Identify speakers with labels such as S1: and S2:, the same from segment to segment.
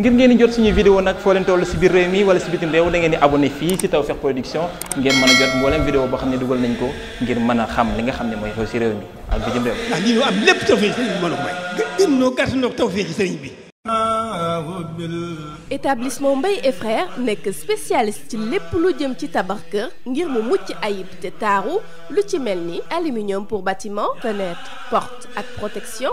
S1: ngir ngeen di jot suñu vidéo nag foo leen toll si biir réew mi wala si bitim réew da ngeen di abonné fii si Tawfekh Production ngeen mën a jot mboolem vidéo boo xam ne dugal nañ ko ngir mën a xam li nga xam ne mooy xew si réew mi ak bitim réew. ndax lii ñu am lépp Tawfekh sëriñ bi mën a may. gën noo gàtt noo Tawfekh sëriñ bi. établissement Mbaye et nekk spécialiste ci lépp lu jëm ci tabax kër ngir mu mucc ayib te taaru lu ci mel ni aluminium pour bâtiment fenêtre porte ak protection.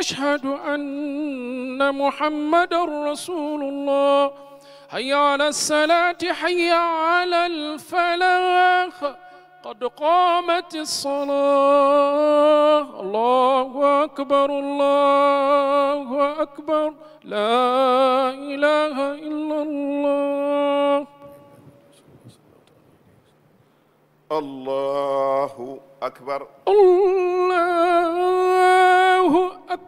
S2: واشهد ان محمدا رسول الله حي على الصلاه حي على الفلاح قد قامت الصلاه الله اكبر الله اكبر لا اله الا الله
S3: الله اكبر الله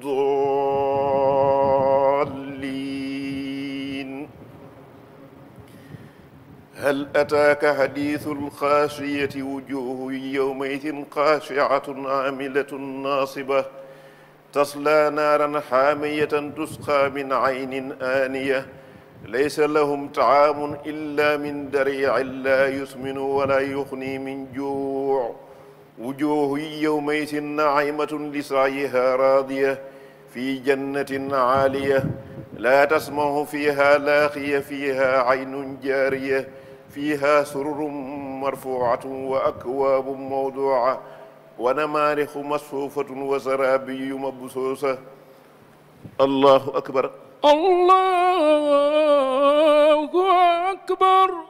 S3: الضالين هل أتاك حديث الخاشية وجوه يومئذ خاشعة عاملة ناصبة تصلى نارا حامية تسقى من عين آنية ليس لهم طعام إلا من دريع لا يسمن ولا يغني من جوع وجوه يومئذ ناعمة لسعيها راضية fi jannatin aaliya laa tasmahu fiha laaxiya fiha aynun jaariya fiha sururun marfuatun wa akwaabun mawduca wa namaarixu masfuufatun wa saraabiyu mabsuusa allahu akbar allahu
S2: akbar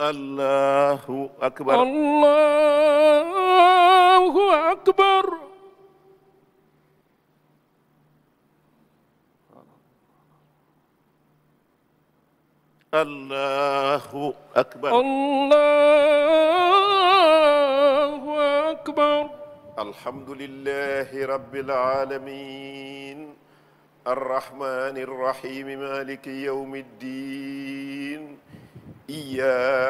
S3: allahu akbar allahu akbar allahu akbar
S2: allahu akbar
S3: alhamdulillahi rabbil alamin arrahmani rrahim maliki yawmi ddin iya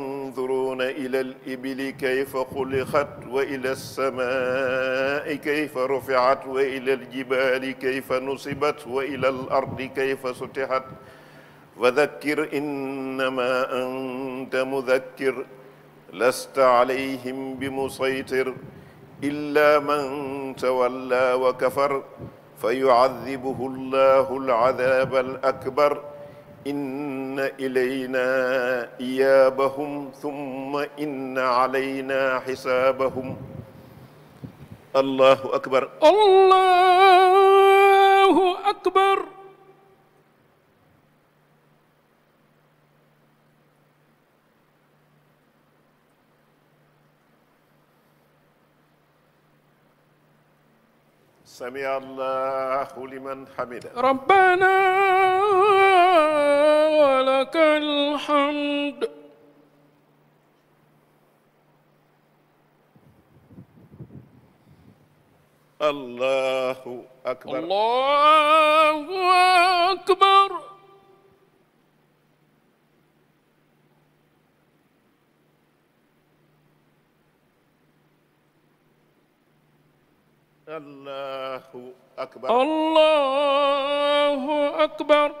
S3: ينظرون إلى الإبل كيف خلقت وإلى السماء كيف رفعت وإلى الجبال كيف نصبت وإلى الأرض كيف سطحت وذكر إنما أنت مذكر لست عليهم بمسيطر إلا من تولى وكفر فيعذبه الله العذاب الأكبر إن إلينا إيابهم ثم إن علينا حسابهم الله أكبر
S2: الله أكبر
S3: سمع الله لمن حمده
S2: ربنا ولك الحمد
S3: الله أكبر
S2: الله أكبر
S3: الله أكبر
S2: الله أكبر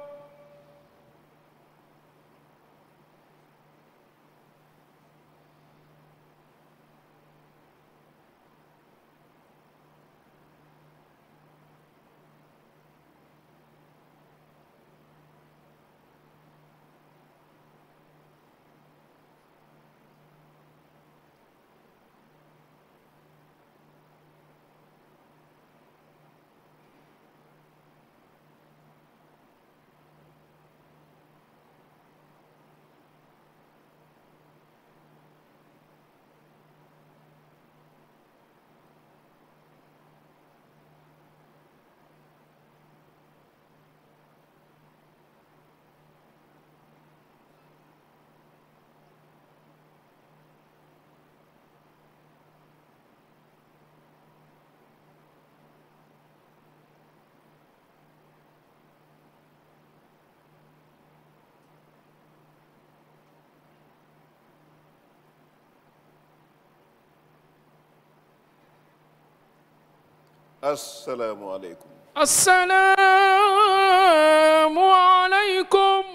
S3: asalaamualeykum.
S2: asalaamualeykum.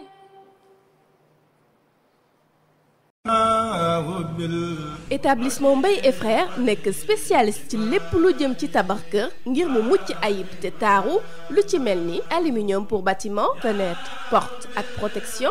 S1: établissement Mbaye et frères nekk spécialiste ci lépp lu jëm ci tabax kër ngir mu mucc ayib te taaru lu ci mel ni aluminium pour bâtiment fenêtre porte ak protection.